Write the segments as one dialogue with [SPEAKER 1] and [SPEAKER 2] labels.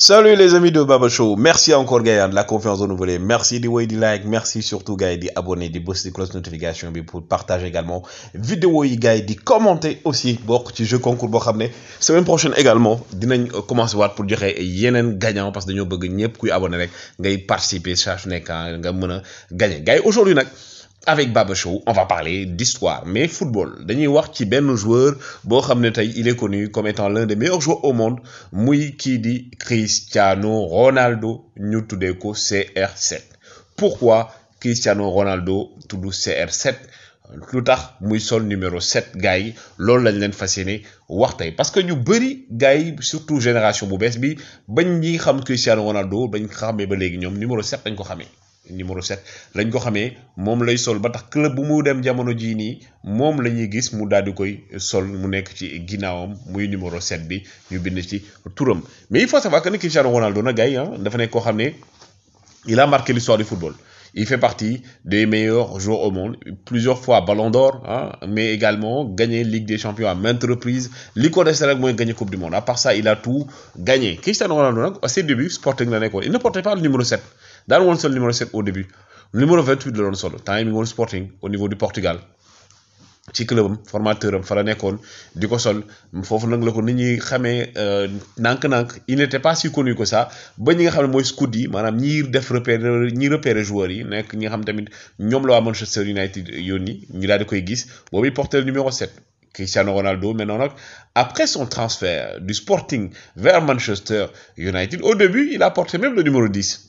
[SPEAKER 1] Salut les amis de Baba Show merci encore gars de la confiance voulez, merci de woy de like merci surtout gars de abonner, de di bës di cloche notification pour partager également vidéo yi gars commenter aussi que ci jeu concours la semaine prochaine également dinañ euh, commencer waat pour dire yenen gagnant parce que nous bëgg ñëpp kuy abonné rek ngay participer saa su ah, nga gagner aujourd'hui avec Baba on va parler d'histoire mais football dañuy wax ci joueur il est connu comme étant l'un des meilleurs joueurs au monde muy qui di Cristiano Ronaldo ñu CR7 pourquoi Cristiano Ronaldo tudd CR7 Plus tard, le numéro 7 gars yi loolu lañ leen parce que nous bëri gars yi surtout génération bu bees bi bañ ñi xam Cristiano Ronaldo bañ xamee ba numéro 7 dañ ko numéro 7 lañ ko xamé mom lay sol ba tax club bu mu dem jamono ji ni mom lañuy gis mu dal di koy sol mu nek ci ginaawam muy numéro 7 bi ñu bind ci turam mais il faut savoir que Cristiano Ronaldo nag gars yi ah, dafa nek ko xamné il a marqué l'histoire du football. Il fait partie des meilleurs joueurs au monde, plusieurs fois Ballon d'Or, hein, mais également gagné Ligue des Champions à maintes reprises. L'icône moy gagné Coupe du Monde. À part ça, il a tout gagné. Cristiano Ronaldo, à ses débuts, Sporting la l'année il ne portait pas le numéro 7 daan won sol numéro 7 au début numéro 28 la doon solo. Tant yi mi ngi woon Sporting au niveau du Portugal ci club am formateur am fa la nekkoon di ko sol foofu nag la ko nit ñi xamee euh, nànk-nànk il n'était pas si connu que ça ba ñi nga xam ne mooy scout yi maanaam ñi def repérer ñi repérer joueurs yi nekk ñi nga xam tamit ñoom la waa Manchester United yónni ñu daal di koy gis boobu il portait le numéro 7. Cristiano Ronaldo mais non donc après son transfert du Sporting vers Manchester United au début il a porté même le numéro 10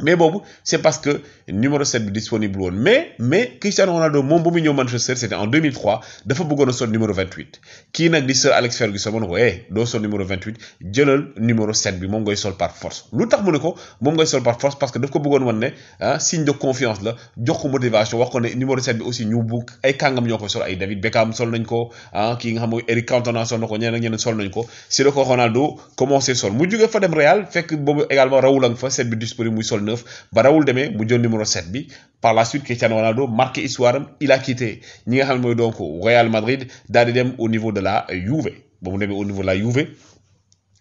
[SPEAKER 1] mais bon c'est parce que numéro 7 bi disponible mais mais Cristiano Ronaldo mon beau mignon Manchester c'était en 2003 dafa bëggoon a numéro 28 qui nag di seul Alex Ferguson ma ne ko eh numéro 28 jëlal numéro 7 bi moom ngay sol par force l'autre tax mu ko moom par force parce que daf ko bëggoon wan ah, signe de confiance la jox ko motivation wax ko numéro 7 bi aussi ñu Book ay kàngam ñoo sol ay David Beckham sol nañ ko ah, nga xam Eric Cantona sol na ko ñeneen ak ñeneen sol nañ ko si la ko Ronaldo commencé sol mu jógee fa dem Real fekk boobu également Raoul a nga fa 7 disponible 9 ba rawul mu jël numéro 7 bi par la suite Cristiano Ronaldo marqué histoire il a quitté ñi nga xam donc Real Madrid dal di dem au niveau de la Juve ba mu au niveau de la Juve.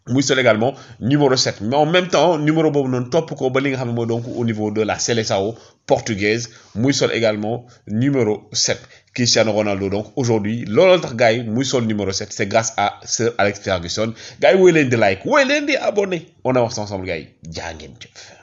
[SPEAKER 1] muy seul également numéro 7 mais en même temps numéro bobu non top ko ba li nga xam moy donc au niveau de la Seleção portugaise muy sol également numéro 7 Cristiano Ronaldo donc aujourd'hui looloo tax gars muy sol numéro 7 c'est grâce à Sir Alex Ferguson gars yi woy di like woy leen di abonné on avance ensemble gars yi jaa